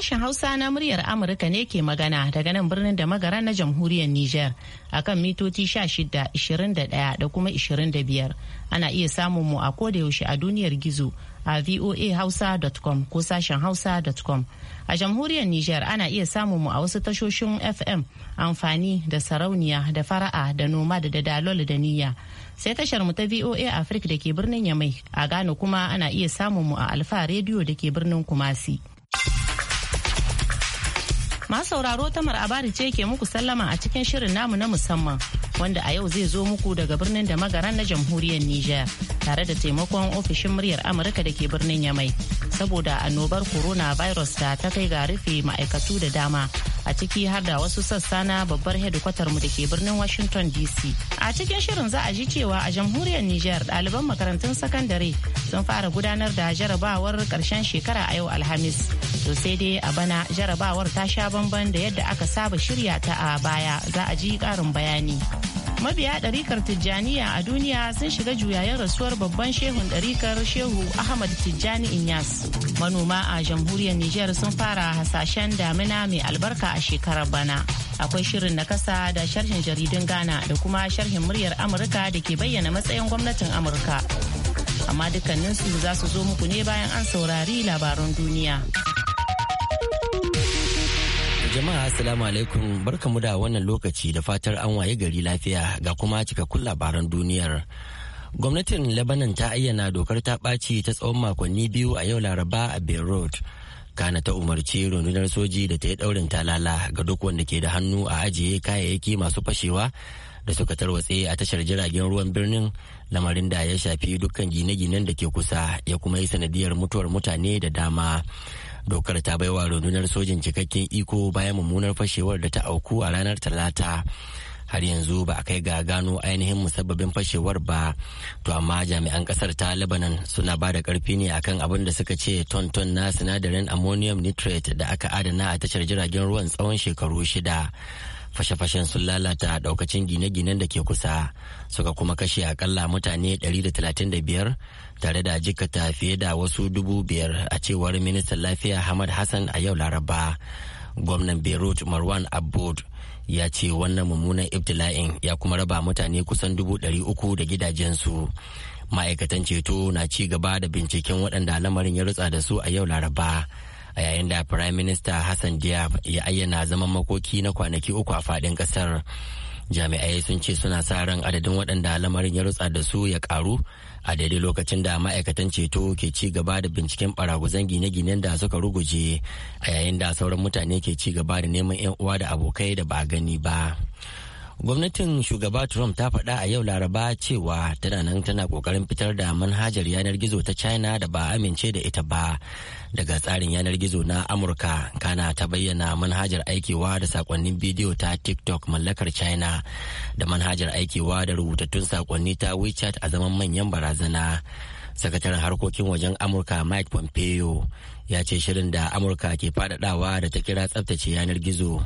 Sashen Hausa na muryar Amurka ne ke magana daga nan birnin da magara na jamhuriyar Nijar akan mitoci 16, da kuma 25. Ana iya samun mu a yaushe a duniyar gizo a voahausa.com ko sashen hausa.com. A jamhuriyar Nijar ana iya samun mu a wasu tashoshin FM amfani da sarauniya da fara'a da noma da da dalol da niyya. Sai tashar mu ta VOA Africa da ke birnin Yamai a Ghana kuma ana iya samun mu a Alfa rediyo da ke birnin Kumasi. Masu sauraro Tamar Abari ce ke muku sallama a cikin shirin namu na musamman wanda a yau zai zo muku daga birnin da magaran na jamhuriyar Nijar tare da taimakon ofishin muryar Amurka da ke birnin Yamai saboda annobar coronavirus da ta kai ga rufe ma'aikatu da dama a ciki har da wasu sassa na babbar hedikwatar mu da ke birnin Washington DC. A cikin shirin za a ji cewa a jamhuriyar Nijar ɗaliban makarantun sakandare sun fara gudanar da jarabawar ƙarshen shekara a yau Alhamis. To sai dai a bana jarabawar ta sha bamban da yadda aka saba shirya ta a baya za a ji ƙarin bayani. mabiya ɗarikar tijjaniya a duniya sun shiga juyayen rasuwar babban shehun ɗarikar shehu ahmad tijjani inyas manoma a jamhuriyar niger sun fara hasashen damina mai albarka a shekarar bana akwai shirin na kasa da sharhin jaridun ghana da kuma sharhin muryar amurka da ke bayyana matsayin gwamnatin amurka amma dukkaninsu za su zo muku ne bayan an saurari labaran duniya. Jama'a Assalamu alaikum barkamu da wannan lokaci da fatar an waye gari lafiya ga kuma cikakkun labaran duniyar. Gwamnatin Lebanon ta ayyana dokar ta ɓaci ta tsawon makonni biyu a yau Laraba a Beirut. Kana ta umarci rundunar soji da ta yi ɗaurin talala ga duk wanda ke da hannu a ajiye kayayyaki masu fashewa da suka tarwatse a tashar jiragen ruwan birnin lamarin da ya shafi dukkan gine-ginen da ke kusa ya kuma yi sanadiyar mutuwar mutane da dama dokar ta baiwa rundunar sojin cikakken iko bayan mummunar fashewar da ta auku a ranar talata har yanzu ba a kai ga gano ainihin musabbabin fashewar ba to amma jami'an kasar ta lebanon suna ba da karfi ne akan abin da suka ce tonton na sinadarin ammonium nitrate da aka adana a tashar jiragen ruwan tsawon shekaru shida fashe-fashen sun lalata daukacin gine-ginen da ke kusa suka kuma kashe akalla mutane 135 tare da jikata fiye da wasu dubu biyar a cewar ministan lafiya hamad hassan a yau laraba gwamnan beirut marwan abud ya ce wannan mummunan ibtila'in ya kuma raba mutane kusan dubu ɗari uku da gidajensu ma'aikatan ceto na ci gaba da binciken waɗanda lamarin ya rutsa da su a yau laraba a yayin da prime minister hassan diab ya ayyana zaman makoki na kwanaki uku a faɗin ƙasar jami'ai sun ce suna sa ran adadin waɗanda lamarin ya rutsa da su ya ƙaru a daidai lokacin da ma'aikatan ceto ke ci gaba da binciken zan gine-ginen da suka ruguje a yayin da sauran mutane ke ci gaba da neman 'yan uwa da abokai da ba gani ba gwamnatin shugaba trump ta faɗa a yau laraba cewa tana nan tana kokarin fitar da manhajar yanar gizo ta china da ba amince da ita ba daga tsarin yanar gizo na amurka kana ta bayyana manhajar aikewa da sakonnin bidiyo ta tiktok mallakar china da manhajar aikewa da rubutattun sakonni ta wechat a zaman manyan barazana sakataren harkokin wajen amurka mike pompeo ya ce shirin da amurka ke faɗaɗawa da ta kira tsabtace yanar gizo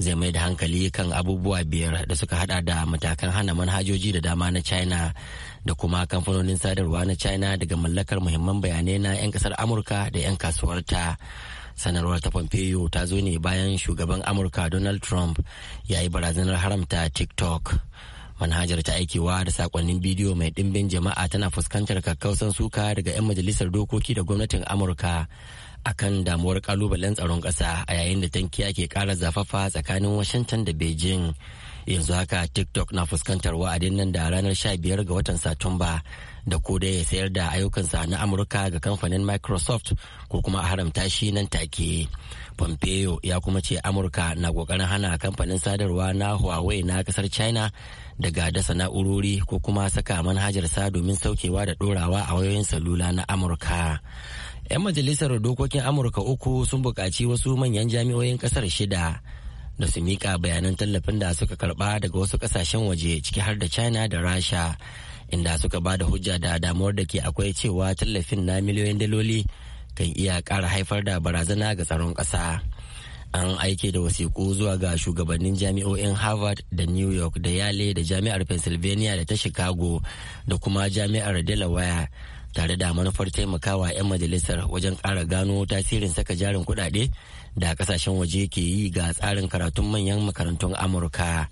zai mai da hankali kan abubuwa biyar da suka hada da matakan hana manhajoji da dama na china da kuma kamfanonin sadarwa na china daga mallakar muhimman bayanai na 'yan kasar amurka da 'yan kasuwarta sanarwar ta pompeo ta zo ne bayan shugaban amurka donald trump ya yi barazanar haramta tiktok manhajar ta aikewa da sakonnin bidiyo mai dimbin jama'a tana fuskantar kakkausan suka daga 'yan majalisar dokoki da gwamnatin amurka akan damuwar kalubalen tsaron ƙasa a yayin da tankiya ke ƙara zafafa tsakanin washington da beijing yanzu haka tiktok na fuskantar wa'adin nan da ranar 15 ga watan satumba da ko da ya sayar da ayyukansa na amurka ga kamfanin microsoft ko kuma a haramta shi nan take pompeo ya kuma ce amurka na kokarin hana kamfanin sadarwa na huawei na kasar china daga dasa na'urori ko kuma saka manhajarsa domin saukewa da dorawa a wayoyin salula na amurka 'Yan majalisar dokokin Amurka uku sun buƙaci wasu manyan jami'oyin ƙasar shida da su mika bayanan tallafin da suka karɓa daga wasu ƙasashen waje ciki har da China da Rasha inda suka ba da hujja da damuwar da ke akwai cewa tallafin na miliyoyin daloli kan iya ƙara haifar da barazana ga tsaron ƙasa. an aike da wasiƙu zuwa ga shugabannin jami'o'in harvard da new york da yale da jami'ar pennsylvania da ta chicago da kuma jami'ar delaware tare da manufar taimakawa 'yan majalisar wajen kara gano tasirin saka jarin kuɗaɗe da ƙasashen waje ke yi ga tsarin karatun manyan makarantun amurka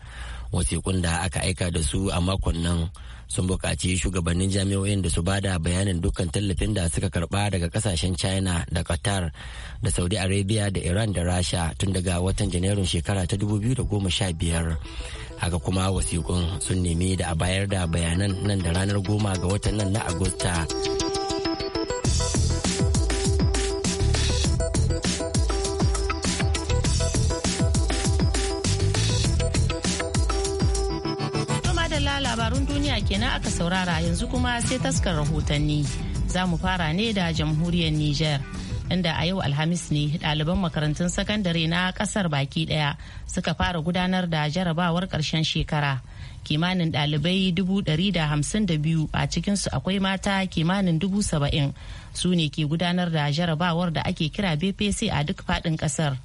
wasiƙun da aka aika da su a makon nan sun buƙaci shugabannin jami'o'in da su ba da bayanin dukkan tallafin da suka karɓa daga ƙasashen china da qatar da saudi arabia da iran da rasha tun daga watan janairun shekara ta 2015 haka kuma wasiƙun sun nemi da a bayar da bayanan nan da ranar goma ga watan nan na agusta labarun duniya kenan aka saurara yanzu kuma sai taskar rahotanni za mu fara ne da jamhuriyar niger inda a yau alhamis ne ɗaliban makarantun sakandare na ƙasar baki ɗaya suka fara gudanar da jarabawar ƙarshen shekara kimanin ɗalibai biyu a cikinsu akwai mata kimanin saba'in su ne ke gudanar da jarabawar da ake kira bpc a duk faɗin ƙasar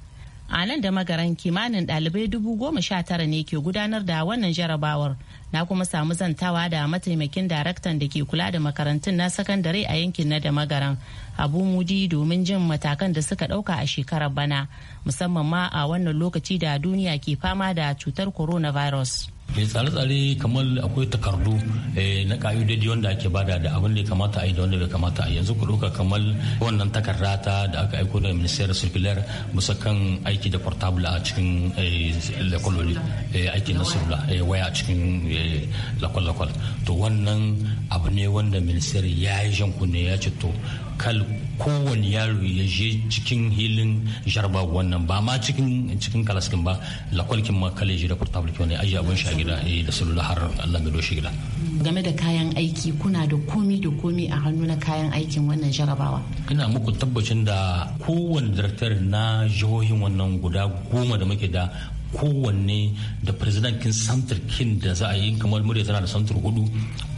a nan da magaran kimanin ɗalibai dubu goma sha tara ne ke gudanar da wannan jarabawar na kuma samu zantawa da mataimakin daraktan da ke kula da makarantun na sakandare a yankin na da magaran abu mudi domin jin matakan da suka dauka a shekarar bana musamman ma a wannan lokaci da duniya ke fama da cutar coronavirus eh, tsare-tsare kamar akwai takardu eh, na ƙa'idodi wanda ake bada da abin da ya kamata a yi da wanda bai kamata a yanzu ku ɗauka kamar wannan takarda ta da aka aiko da minister circular musa kan aiki da portable a cikin lakwaloli eh, aiki na sula waya a cikin lakwal-lakwal to wannan abu ne wanda ministeri ya yi jan ya ce to kal kowane yaro ya je cikin hilin jarba wannan ba ma cikin cikin kalaskin ba lakwalkin ma kalle shi da portable ki wani aji abin shagida eh, da salula har Allah mai doshi gida game da kayan aiki kuna da komi da komi a hannu na kayan aikin wannan jarabawa ina muku tabbacin da kowane daktar na jihohin wannan guda goma da muke da kowanne da president kin santar kin da za a yi kamar murya tana da santar hudu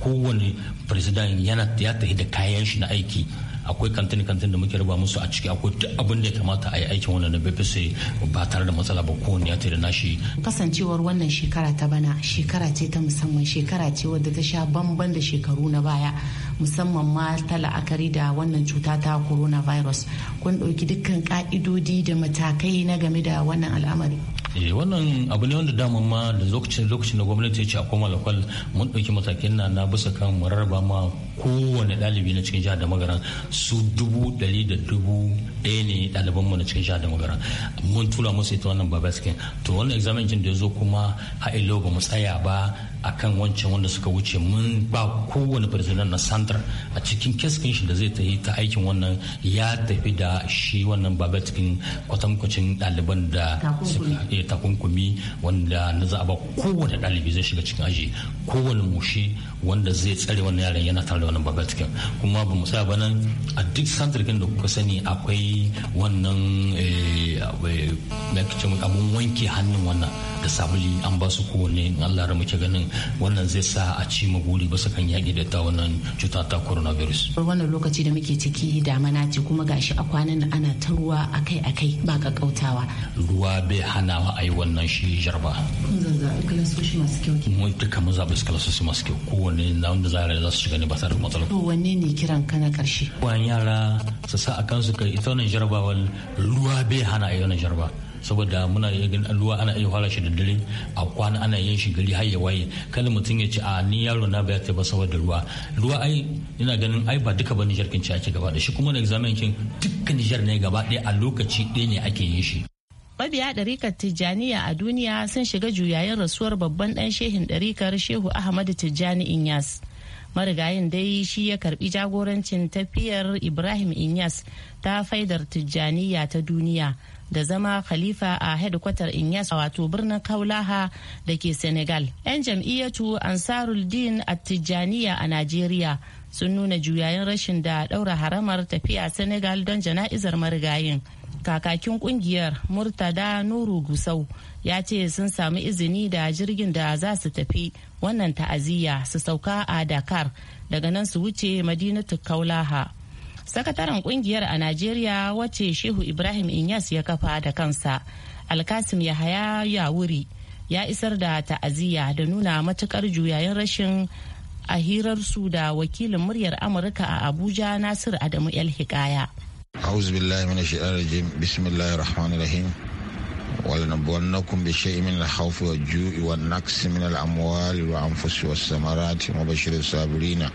kowanne president yana ya tahi da kayan shi na aiki akwai kantin kantin da muke raba musu a ciki akwai duk abin da ya kamata a yi aikin wannan na BBC ba tare da matsala ba ko wani ya na shi. kasancewar wannan shekara ta bana shekara ce ta musamman shekara ce wadda ta sha bamban da shekaru na baya musamman ma ta la'akari da wannan cuta ta coronavirus kun ɗauki dukkan ka'idodi da matakai na game da wannan al'amari eh, wannan abu ne wanda damar ma da lokacin lokacin da gwamnati ya ce akwai malakwal mun ɗauki matakin na na bisa kan mu ma kowane ɗalibi na cikin jihar da magaran su dubu ɗari da dubu ɗaya ne mu na cikin jihar da magaran mun tura musu ita wannan babaskin to wannan examen jin da ya zo kuma ha'ilo ba mu tsaya ba akan wancan wanda suka wuce mun ba kowane president na santar a cikin keskin shi da zai ta yi ta aikin wannan ya tafi da shi wannan baba cikin kwatankwacin ɗaliban da suka eh, takunkumi wanda na za a ba kowane ɗalibi zai shiga cikin aji kowane mushi wanda zai tsare wannan yaren yana tare da wannan baba cikin kuma ba mu tsaya ba nan a duk santar da kuka sani akwai wannan eh, eh, mai kace abun wanke hannun wannan da sabuli an ba su kowanne in Allah ya muke ganin wannan zai sa a ci ma buri ba kan yaƙi da ta wannan cuta ta coronavirus. wannan lokaci da muke ciki damana ce kuma gashi a kwanan ana ta ruwa akai-akai ba kakkautawa. ruwa bai hanawa a yi wannan shi jarba. mun zazzaɓi shi masu kyau ke. mun duka mun zaɓi kilasoshi masu kyau kowane na wanda za za su shiga ne ba tare da matsala. to wanne ne kiran ka na ƙarshe. wani yara su sa a kansu ka ita wannan wani ruwa bai hana a yi wannan jarba. saboda muna ganin alluwa ana iya fara shi da dare a kwana ana yin shi gari har ya waye kada mutum ya ce a ni yaro na bai ba saboda ruwa ruwa ai ina ganin ai ba duka ba Nijar kin ci ake gaba da shi kuma da examen kin dukkan Nijar ne gaba ɗaya a lokaci ɗaya ne ake yin shi mabiya ɗarikar tijjaniya a duniya sun shiga juyayen rasuwar babban ɗan shehin ɗarikar shehu ahmadu tijjani inyas marigayin dai shi ya karbi jagorancin tafiyar ibrahim inyas ta faidar tijjaniya ta duniya da zama khalifa a hedkwatar inyas wato birnin kaulaha da ke senegal 'yan jam'iyyatu ansarul din a tijjaniya a nigeria sun nuna juyayin rashin da daura haramar tafiya senegal don jana'izar marigayin kakakin kungiyar murtada nuru gusau ya ce sun samu izini da jirgin da za su tafi wannan ta'aziyya su sauka a dakar daga nan su wuce madinatu kaulaha sakataren kungiyar a najeriya wacce shehu ibrahim inyas ya kafa da kansa alkasim yahaya wuri ya isar da ta'aziyya da nuna matukar juyayin rashin a hirarsu da wakilin muryar amurka a abuja nasir adamu el hikaya auzu billahi rajim wala bonnakum bi shay'in min al-khawfi wa ju'i wa naqs min al wa anfusi wa samarati wa bashiris sabirina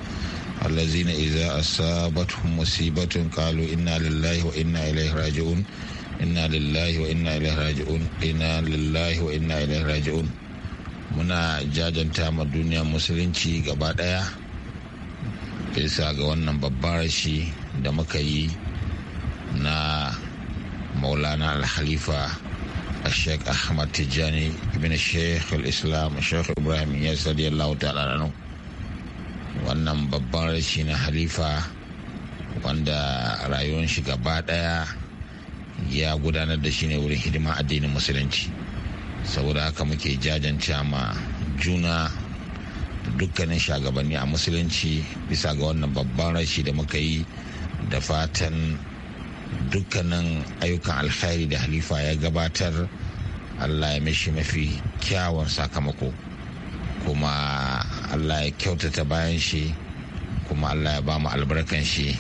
allazina idza asabatuhum musibatun qalu inna lillahi wa inna ilayhi inna lillahi wa inna ilayhi inna lillahi wa inna ilayhi raji'un muna jajanta ma duniya musulunci gaba daya bisa ga wannan babbar rashi da muka yi na maulana alhalifa. الشيخ أحمد تجاني ابن الشيخ الإسلام الشيخ إبراهيم ياس رضي الله تعالى عنه wannan babban rashi na halifa wanda rayuwar shi gaba daya ya gudanar da shi ne wurin hidima addinin musulunci saboda haka muke jajanta ma juna dukkanin shagabanni a musulunci bisa ga wannan babban rashi da muka yi da fatan dukkanin ayyukan alkhairi da halifa ya gabatar allah ya mishi mafi kyawun sakamako kuma allah ya kyautata bayan shi kuma allah ya bamu mu albarkan shi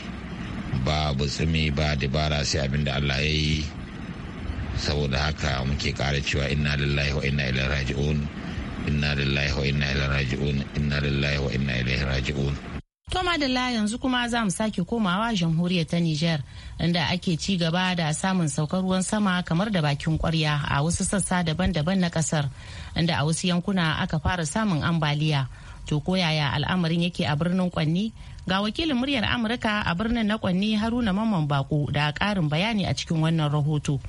babu tsimi ba dabara sai abin da allah ya yi saboda haka muke kara cewa inna lillahi wa inna ilaihi raji'un inna lillahi wa inna ilaihi raji'un inna lillahi wa inna ilaihi raji'un To la yanzu kuma za mu sake komawa jamhuriyar ta Nijar inda ake ci gaba da samun saukar ruwan sama kamar da bakin kwarya a wasu sassa daban-daban na kasar inda a wasu yankuna aka fara samun ambaliya. To ko yaya al'amarin yake a birnin Kwanni? Ga wakilin muryar Amurka a birnin na Kwanni Haruna Mamman Bako da ƙarin bayani a cikin wannan rahoto.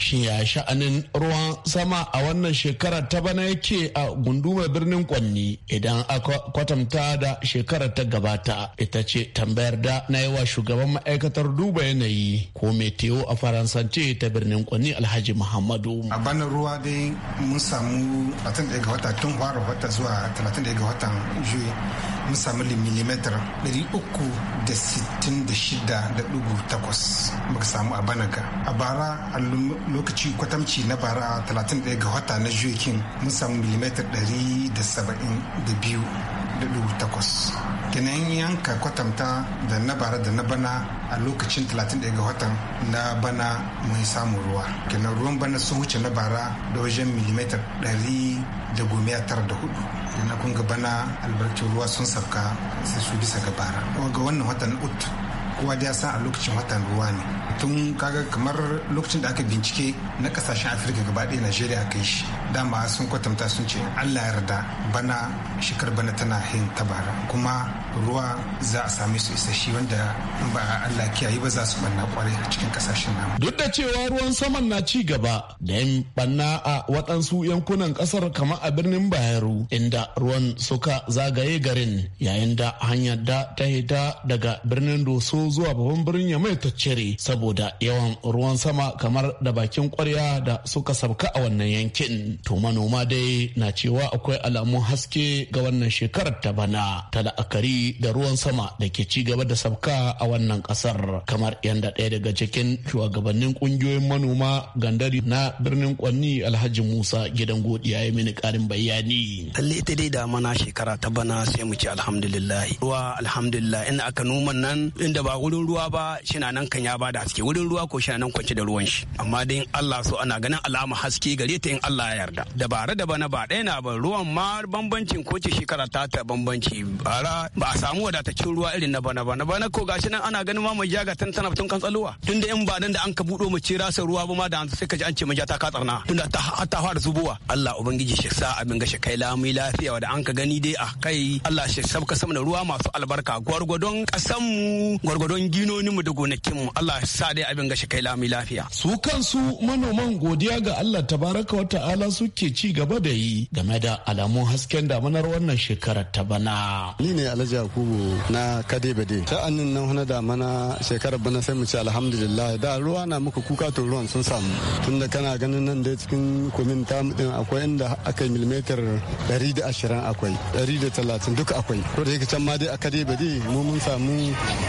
Shin ya sha'anin ruwan sama a wannan shekara ta bana yake a gundumar birnin Kwanni idan aka kwatanta da shekara ta gabata ita ce tambayar da na yi wa shugaban ma'aikatar duba yanayi ko meteo a faransance ta birnin Kwanni Alhaji Muhammadu. A bana ruwa dai mun samu 31 ga wata tun fara wata zuwa 31 ga watan juye mun samu milimetar 366.8 muka samu a bana ga. A bara lokaci kwatamci na bara 31 ga wata na juyakin mun samu milimetar 172.8 kenan yanka kwatamta da na bara da na bana a lokacin 31 ga watan na bana mun samu ruwa kenan ruwan bana sun wuce na bara da wajen milimetar da na kun ga bana albarkin ruwa sun sauka sai su bisa ga bara ga wannan watan ut kowa da ya san a lokacin watan ruwa ne tun kaga kamar lokacin da aka bincike na kasashen afirka gaba ɗaya najeriya aka yi shi dama sun kwatanta sun ce allah yarda bana shekar bana tana hin tabara kuma ruwa za a same su isashi wanda in ba allah kiyaye ba za su banna kwarai a cikin kasashen namu duk da cewa ruwan saman na ci gaba da yin banna a waɗansu yankunan ƙasar kamar a birnin bayero inda ruwan suka zagaye garin yayin da hanyar da ta hita daga birnin doso zuwa babban birnin ya mai ta cire saboda yawan ruwan sama kamar da bakin kwarya da suka sabka a wannan yankin to manoma dai na cewa akwai alamun haske ga wannan shekarar ta bana ta la'akari da ruwan sama da ke ci gaba da sabka a wannan kasar kamar yadda ɗaya daga cikin shugabannin kungiyoyin manoma gandari na birnin kwanni alhaji musa gidan godiya ya mini karin bayani lalle ita dai damana shekara ta bana sai mu ci alhamdulillah ruwa alhamdulillah inda aka noman nan inda ba wurin ruwa ba shina nan kan ya bada haske wurin ruwa ko shanan nan kwance da ruwan shi amma dai in Allah so ana ganin alama haske gare ta in Allah ya yarda dabara da bana ba ɗaya na ba ruwan ma bambancin ko ce shekara ta ta bambanci bara ba a samu wadatacin ruwa irin na bana bana bana ko gashi nan ana ganin ma mai jaga tan tana tun kan tsaluwa tunda in ba nan da an ka buɗo mu ce rasa ruwa ba ma da sai ka ji an ce mai ta katsarna da ta ta fara zubowa Allah ubangiji shi sa abin gashi kai lamu lafiya da an ka gani dai a kai Allah shi sabka sama da ruwa masu albarka gwargwadon kasan mu gwargwadon ginonin mu da gonakin mu Allah sa dai abin gashi kai lami lafiya su kansu manoman godiya ga Allah tabaraka wa ta'ala suke ci gaba da yi game da alamun hasken damanar wannan shekarar ta bana ni ne Alhaji Yakubu na Kadebede sha'anin nan na damana shekarar bana sai mu ci alhamdulillah da ruwa na muka kuka to ruwan sun samu tunda kana ganin nan dai cikin kumin tamu din akwai inda aka yi da 120 akwai 130 duk akwai ko da yake can ma dai a Kadebede mu mun samu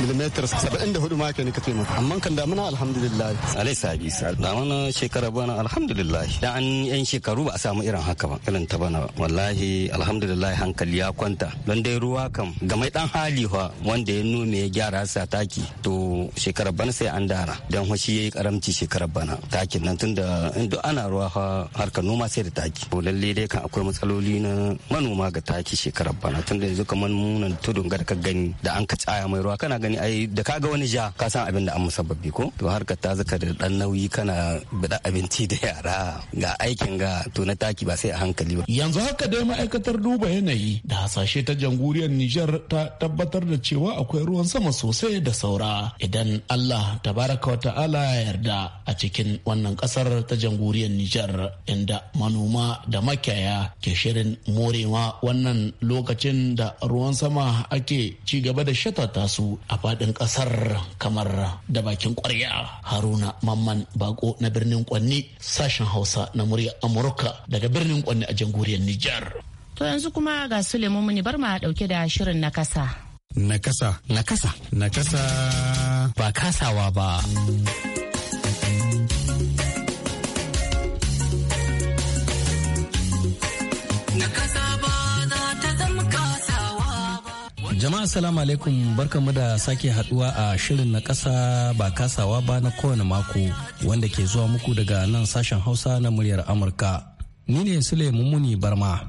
milimetar 74 ma ke ne kace maka amma kan da damuna alhamdulillah alai sabi damuna shekara bana alhamdulillah da an yan shekaru ba a samu irin haka ba irin ta bana wallahi alhamdulillah hankali ya kwanta don dai ruwa kam ga mai dan hali fa wanda ya nome ya gyara sa taki to shekarar bana sai an dara dan hoshi yayi karamci shekarar bana takin nan tunda in duk ana ruwa fa harka noma sai da taki to lalle dai kan akwai matsaloli na manoma ga taki shekarar bana tunda yanzu kamar munan tudun ga ka gani da an ka tsaya mai ruwa kana gani ai da kaga wani ja ka san abin da an musabbabi ko to harkar ta zaka da dan nauyi kana bada abinci da yara ga aikin ga to na taki ba sai a hankali ba yanzu haka dai ma'aikatar duba yanayi da hasashe ta jamhuriyar Nijar ta tabbatar da cewa akwai ruwan sama sosai da saura idan Allah tabaraka wa ta'ala ya yarda a cikin wannan kasar ta jamhuriyar Nijar inda manoma da makiyaya ke shirin morewa wannan lokacin da ruwan sama ake ci gaba da shatata su a faɗin kasar kamar da bakin kwarya haruna mamman bako na birnin kwanni sashen hausa na murya amurka daga birnin kwanni a jamhuriyar nijar to yanzu kuma ga sulemu muni bar ma dauke da shirin na kasa na kasa na kasa na kasa ba kasawa ba Jama'a salamu alaikum barkanmu da sake haduwa a shirin na kasa ba kasawa ba na kowane mako wanda ke zuwa muku daga nan sashen Hausa na muryar Amurka. Ni ne Sule Mumuni Barma.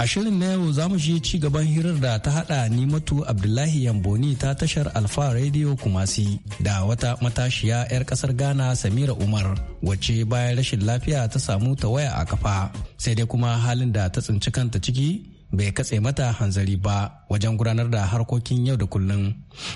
A shirin na yau za mu shi ci gaban hirar da ta haɗa Nimatu Abdullahi Yamboni ta tashar Alfa Radio Kumasi da wata matashiya 'yar kasar Ghana Samira Umar wacce bayan rashin lafiya ta samu ta waya a kafa sai dai kuma halin da ta tsinci kanta ciki bai katse mata hanzari ba wajen gudanar da harkokin yau da kullun,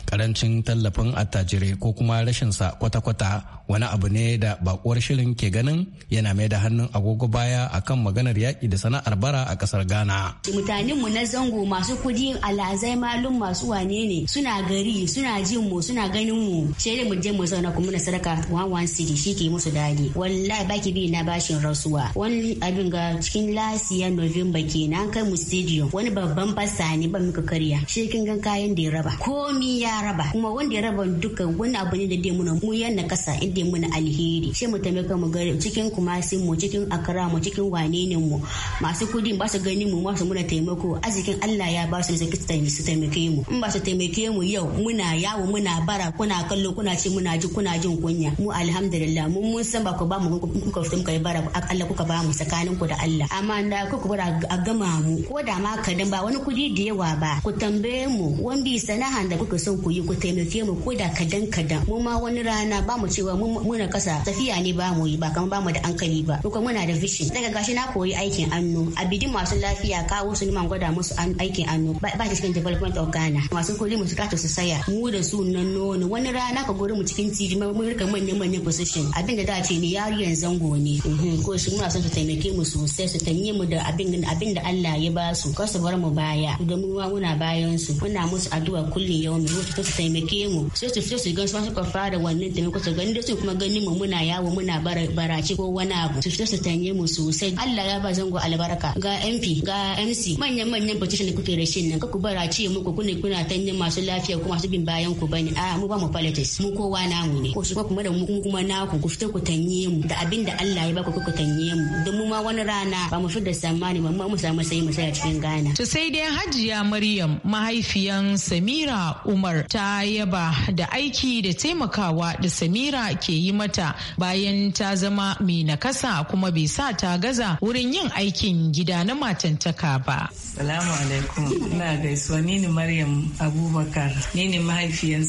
karancin tallafin attajirai ko kuma rashin sa kwata-kwata wani abu ne da bakuwar shirin ke ganin yana mai da hannun agogo baya akan maganar yaƙi da sana'ar bara a ƙasar ghana mutanen na zango masu kudi alazai malum masu wane ne suna gari suna jin mu suna ganin mu sai da mu je mu zauna kuma na sadaka wan wan ke shike musu dadi wallahi baki bi na bashin rasuwa wani abin ga cikin lasiya november kenan kai mu stadium wani babban fasa ne ba muka karya sai kin gan kayan da ya raba komi ya raba kuma wanda ya raba dukkan wani abu ne da dai muna mu yan kasa inda muna alheri sai mu taimaka mu ga cikin kuma sai mu cikin akara mu cikin wane ne mu masu kudi ba su gani mu masu muna taimako arzikin Allah ya ba su zaki su taimake mu in ba su taimake mu yau muna yawo muna bara kuna kallo kuna ce muna ji kuna jin kunya mu alhamdulillah mun mun san ba ku ba mu kuka fita muka yi bara Allah kuka ba mu tsakanin ku da Allah amma da kuka bara a gama mu ko da ma kadan ba wani kudi da yawa ba ku tambaye mu wani sana'a da kuka son ku yi ku taimake mu ko da kadan kadan mu ma wani rana ba mu cewa muna kasa tafiya ne ba mu yi ba kamar ba mu da hankali ba ko muna da vision daga gashi na koyi aikin hannu a bidin masu lafiya kawo su liman gwada musu aikin hannu ba ta cikin development of Ghana masu kuri mu suka su saya mu da su nan nono wani rana ka gori mu cikin TV mun rika manyan manyan position abin da dace ne ni yariyan zango ne mhm. ko shi muna son su taimake mu sosai su tanye mu da abin da Allah ya ba su kar bar mu baya domin mu muna bayan su muna musu addu'a kullum yau mu su taimake mu sai su fito su ga su suka fara wannan taimako su gani su kuma gani mu muna yawo muna barace ko wani abu su fito su tanye mu sosai Allah ya ba zango albarka ga MP ga MC manyan manyan petition da kuke rashin shin nan ku barace ku kuna kuna tanye masu lafiya kuma su bin bayan ku bane a mu ba mu politics mu kowa namu ne ko su kuma da mu kuma naku ku fito ku tanye mu da abin da Allah ya ba ku tanye mu don mu ma wani rana ba mu fi da samani ba mu samu sai mu sai a cikin Ghana to sai dai Hajiya Mari Maryam mahaifiyan Samira Umar ta yaba da aiki da taimakawa da Samira ke yi mata bayan ta zama mai nakasa kuma bai sa ta gaza wurin yin aikin gida na matantaka ba. Salamu alaikum, ina gaisuwa ni ne Maryam Abubakar, ni ne mahaifiyan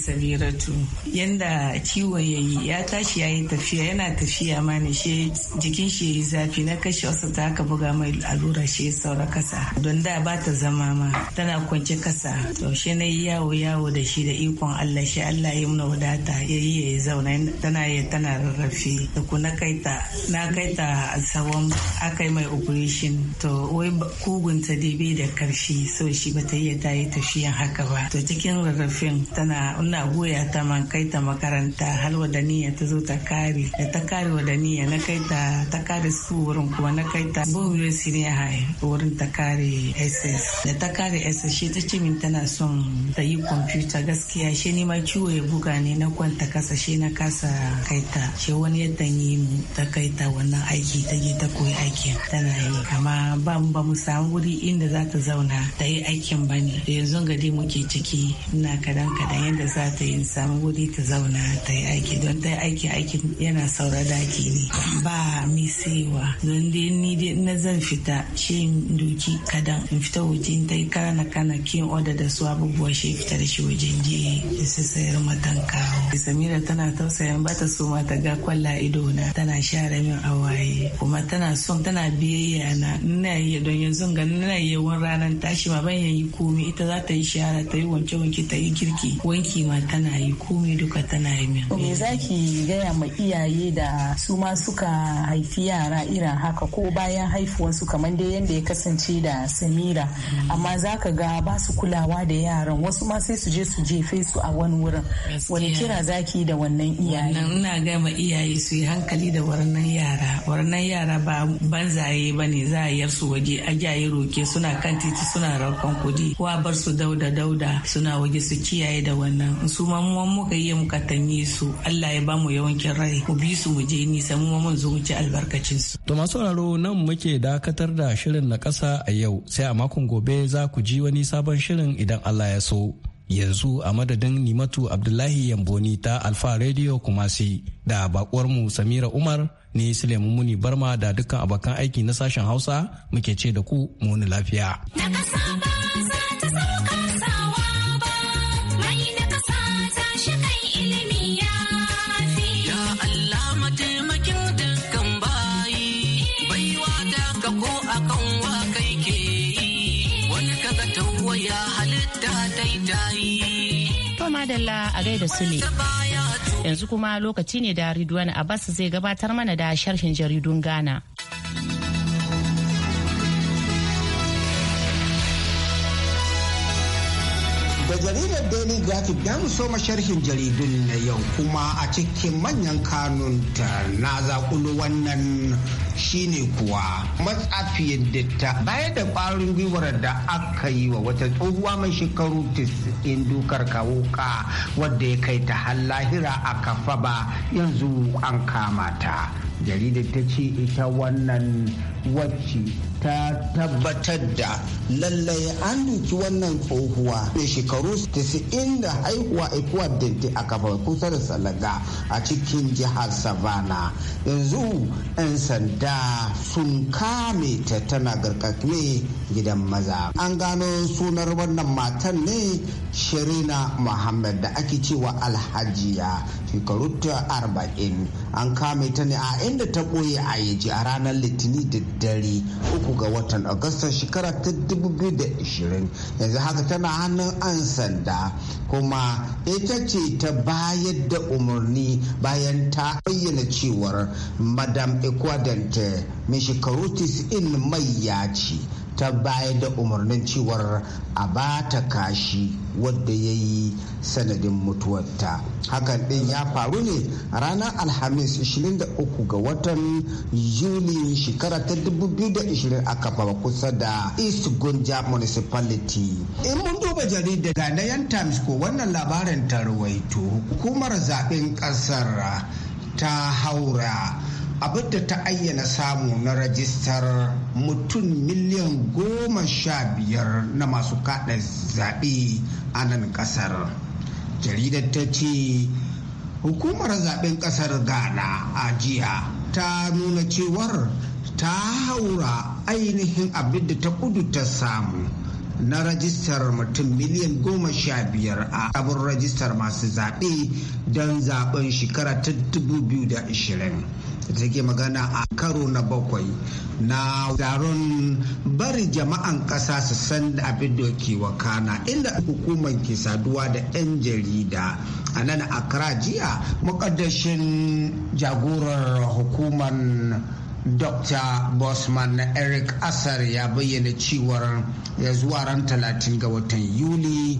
tu. Yanda ciwon ya yi, ya tashi ya yi tafiya, yana tafiya ma ne shi jikin shi yi zafi na kashe wasu ta haka buga mai allura shi saura kasa. Don da ba ta zama ma, tana kwance kasa to shi na yi yawo yawo da shi da ikon Allah shi Allah ya muna wadata ya yi ya zauna tana ya tana rarrafe da ku na kaita na kaita tsawon aka yi mai operation to wai kugunta ta bai da karfi so shi ba ta iya ta yi tafiyan haka ba to cikin rarrafin tana ina goya ta man kaita makaranta har wadaniya ta zo ta kare da ta kare wadaniya na kaita ta kare su wurin kuma na kaita bohun senior high wurin ta kare ss da ta kare ss ce ta ce min tana son ta yi kwamfuta gaskiya shi ne ma ciwo ya buga ne na kwanta kasa shi na kasa kaita shi wani yadda yi ta kaita wannan aiki ta je ta koyi aiki tana yi amma ba mu ba mu samu wuri inda za ta zauna ta yi aikin ba ne da yanzu ga dai muke ciki na kadan kadan yadda za ta yi samu wuri ta zauna ta yi aiki don ta yi aiki aiki yana saura daki ne ba misewa don dai ni dai na zan fita shi doki kadan in fita in ta yi kana ana kin oda da su abubuwa shi fitar da shi wajen je da su sayar matan kawo samira tana tausayan ba ta so ma ta ga kwalla ido na tana share min awaye kuma tana son tana biyayya na ina yi don yanzu ga ina yi wani ranar tashi ma ban yi komi ita za ta yi shara ta yi wanke wanke ta yi girki wanki ma tana yi komi duka tana yi min me zaki gaya ma iyaye da su ma suka haifi yara irin haka ko bayan haifuwarsu kamar dai yadda ya kasance da samira mm. amma za ka ga ba su kulawa da yaran wasu ma sai su je su jefe su a wani wurin wani kira zaki da wannan iyaye wannan ina gama iyaye su yi hankali da wannan yara wannan yara ba banzaye ba ne za a yar su waje a jaye roke suna kan titi suna rarkon kudi ko a bar su dauda dauda suna waje su kiyaye da wannan su ma mu muka yi muka tanye su Allah ya ba mu yawancin rai ku bi su mu je nisa mu mun zo mu ci albarkacin su to masu nan muke dakatar da shirin na kasa a yau sai a makon gobe za ku ji wani sabon shirin idan Allah ya so. Yanzu a madadin Nimatu Abdullahi Yamboni ta Alfa Radio Kumasi da mu Samira Umar ne Suleiman Muni Barma da dukkan abokan aiki na sashen Hausa muke ce da ku muni lafiya. madalla a gaida sule yanzu kuma lokaci ne da ridwan abbas zai gabatar mana da sharhin jaridun ghana idan soma sharhin jaridun na yau kuma a cikin manyan kanunta na zakulu wannan shine kuwa matsafiyar ta baya da ƙwarin gwiwar da aka yi wa wata tsohuwa mai shekaru 90 dukar kawuka wadda ya kai ta halahira a kafa ba yanzu an kama ta jaridar ta ce ita wannan wacce ta tabbatar da lallai an duki wannan tsohuwa mai shekaru 90 da haihuwa ikuwa dinte a kafar kusa da salaga a cikin jihar savana yanzu 'yan sanda sun kame ta tana garkakle gidan maza an gano sunar wannan matan ne shirina muhammad da ake cewa alhajiya shekaru arba'in. an kame ta ne a inda ta ɓoye a yaji a ranar litini da dare uku ga watan agusta shekara ta 2020 yanzu haka tana hannun an sanda kuma ita ce ta bayar da umarni bayan ta bayyana cewar madam ecuador mai shekaru 90 mai ya ce ta baya da umarnin cewar a ba ta kashi wadda ya yi sanadin mutuwarta hakan din ya faru ne ranar alhamis 23 ga watan yuli shekara ta 2020 a kafa kusa da east gunja municipality in mun duba jaridar 'yan times ko wannan labarin ta ruwaito hukumar zaɓen ƙasar ta haura abin da ta ayyana samu na rajistar mutum miliyan goma sha biyar na masu kada zaɓe a nan ƙasar jaridar ta ce hukumar zaɓen ƙasar ghana a jiya ta nuna cewar ta haura ainihin abin da ta kudu ta samu na rajistar mutum miliyan goma sha biyar a abin rajistar masu zaɓe don zaɓen shekara ta 2020 da take magana a karo na bakwai na taron bari jama'an ƙasa su san da abin da ke wakana inda hukumar ke saduwa da 'yan jarida a nan a jiya Maƙadashin jagorar hukumar dr bosman na eric asar ya bayyana cewar ya eh, zuwa ran 30 ga watan yuli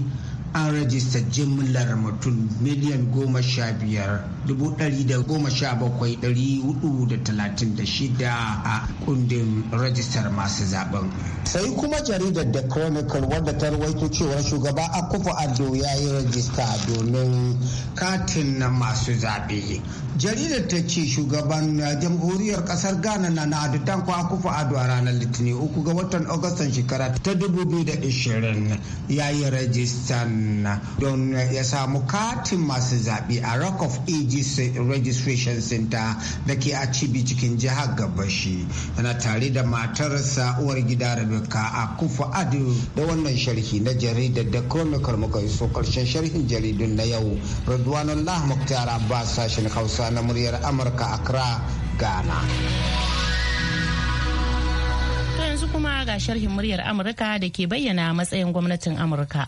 an rajista jimlar mutum miliyan goma sha biyar 17436 a kundin rajistar masu zaben. Sai kuma jaridar The Chronicle wadda ta rawaito cewar shugaba Akufo Addo ya yi rajista domin katin na masu zaɓe. Jaridar ta ce shugaban jamhuriyar kasar Ghana na na ko Akufo Addo a ranar Litinin uku ga watan Agustan shekara ta 2020 ya yi rajistan don ya samu katin masu zaɓe a Rock of AG registration center da ke a cibi cikin jihar gabashi yana tare da matarsa uwar gida rabeka a kufa adu da wannan sharhi na jaridar da chronicle muka iso karshen sharhin jaridun na yau radwanullah muktar abbas sashen hausa na muryar amurka accra ghana yanzu kuma ga sharhin muryar amurka da ke bayyana matsayin gwamnatin amurka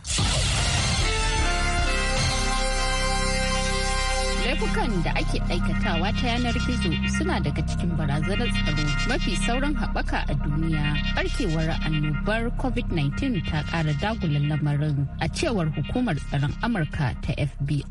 laifukan da ake aikatawa ta yanar gizo suna daga cikin barazanar tsaro mafi sauran haɓaka a duniya barkewar annobar covid-19 ta ƙara dagula lamarin a cewar hukumar tsaron amurka ta fbi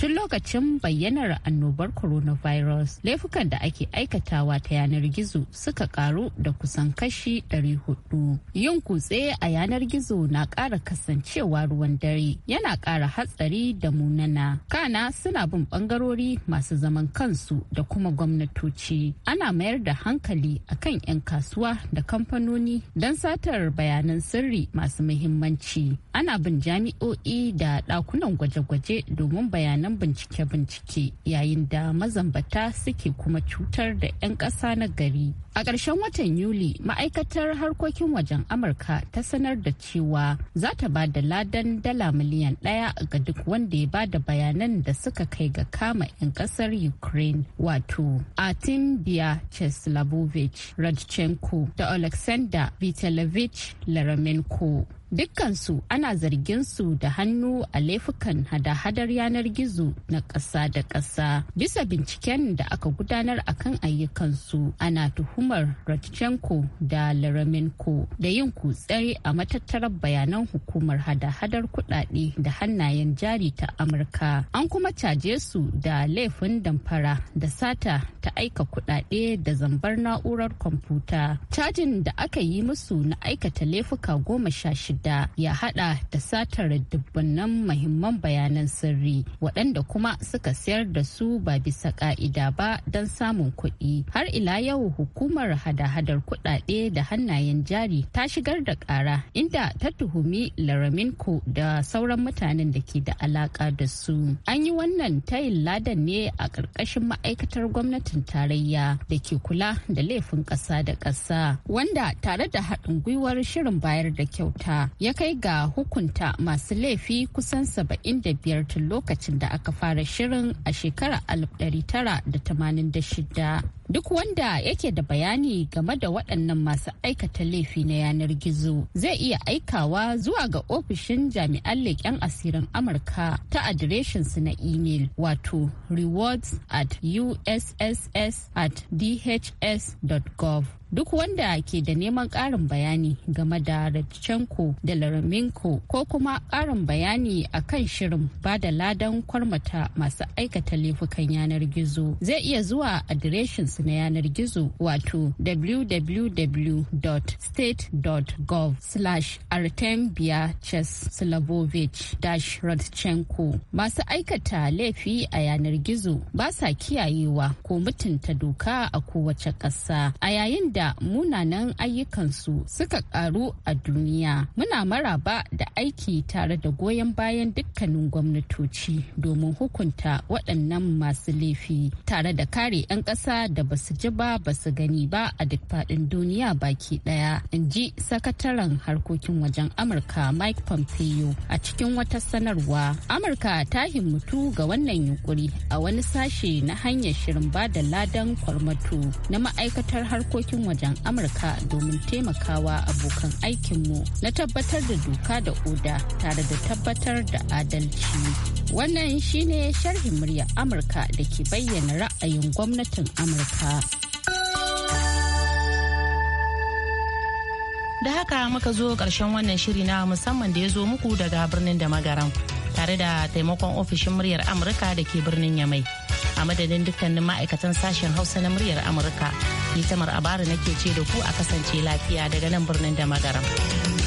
tun lokacin bayyanar annobar coronavirus laifukan da ake aikatawa ta yanar gizo suka ƙaru da kusan kashi 400 yin kutse a yanar gizo na ƙara kasancewa ruwan dare yana ƙara hatsari da munana kana suna bin bangare ɓangarori masu zaman kansu da kuma gwamnatoci. Ana mayar da hankali akan 'yan kasuwa da kamfanoni don satar bayanan sirri masu muhimmanci. Ana bin jami'o'i da ɗakunan gwaje-gwaje domin bayanan bincike-bincike yayin da mazambata suke kuma cutar da 'yan ƙasa na gari. A ƙarshen watan Yuli, ma'aikatar harkokin wajen Amurka ta sanar da cewa za ta ba da ladan dala miliyan ɗaya ga duk wanda ya ba da bayanan da suka kai ga kama 'yan kasar ukraine wato atin biya cheslavovich radchenko da alexander vitalevich laramenko dukkansu ana zargin su da hannu a laifukan hada-hadar yanar gizo na ƙasa da ƙasa bisa binciken da aka gudanar akan ayyukansu ana tuhumar ratchenko da laraminko da yin kutsari a matattarar bayanan hukumar hada-hadar kuɗaɗe da hannayen jari ta amurka an kuma caje su da laifin damfara da sata ta aika kuɗaɗe da zambar na'urar kwamfuta cajin da aka yi musu na aikata laifuka goma sha shida Da ya hada da satar dubbannan mahimman bayanan sirri waɗanda kuma suka sayar da su ba bisa ka'ida ba don samun kuɗi har ila yau hukumar hada-hadar kuɗaɗe da hannayen jari ta shigar da ƙara inda ta tuhumi laraminko da sauran mutanen da ke da alaƙa da su an yi wannan tayin ladan ne a ƙarƙashin ma'aikatar gwamnatin tarayya da ke kula da laifin ƙasa da ƙasa wanda tare da haɗin gwiwar shirin bayar da kyauta ya kai ga hukunta masu laifi kusan 75 tun lokacin da aka fara shirin a shekarar 1986. Duk wanda yake da bayani game da waɗannan masu aikata laifi na yanar gizo zai iya aikawa zuwa ga ofishin jami'an leƙen asirin Amurka ta adireshinsu na imel wato rewards at usss at dhs.gov. duk wanda ke da neman ƙarin bayani game da Rachenko da Laraminko ko kuma ƙarin bayani a kan shirin ba da ladan kwarmata masu aikata laifukan yanar gizo zai iya zuwa adireshin su na yanar gizo wato wwwstategov slash biacheslavovich rodchenko masu aikata laifi a yanar gizo ba sa kiyayewa ko mutunta doka a kowace ƙasa a yayin da munanan ayyukansu suka ƙaru a duniya muna maraba da aiki tare da goyon bayan dukkanin gwamnatoci domin hukunta waɗannan masu laifi tare da kare 'yan ƙasa da ba su ji ba ba su gani ba a duk faɗin duniya baki ɗaya in ji sakataren harkokin wajen amurka mike pompeo a cikin wata sanarwa amurka ta himmutu ga wannan yunkuri a wani sashe na hanyar shirin ba da ladan kwarmato na ma'aikatar harkokin wajen amurka domin taimakawa abokan aikinmu na tabbatar da doka da oda tare da tabbatar da adalci wannan shine sharhin murya amurka da ke bayyana ra'ayin gwamnatin amurka Da haka muka zo ƙarshen wannan shiri na musamman da ya zo muku daga birnin da magaran tare da taimakon ofishin muryar Amurka da ke birnin Yamai. A madadin dukkanin ma'aikatan sashen Hausa na muryar Amurka, ni tamar abara nake ce da ku a kasance lafiya daga nan birnin da magaran.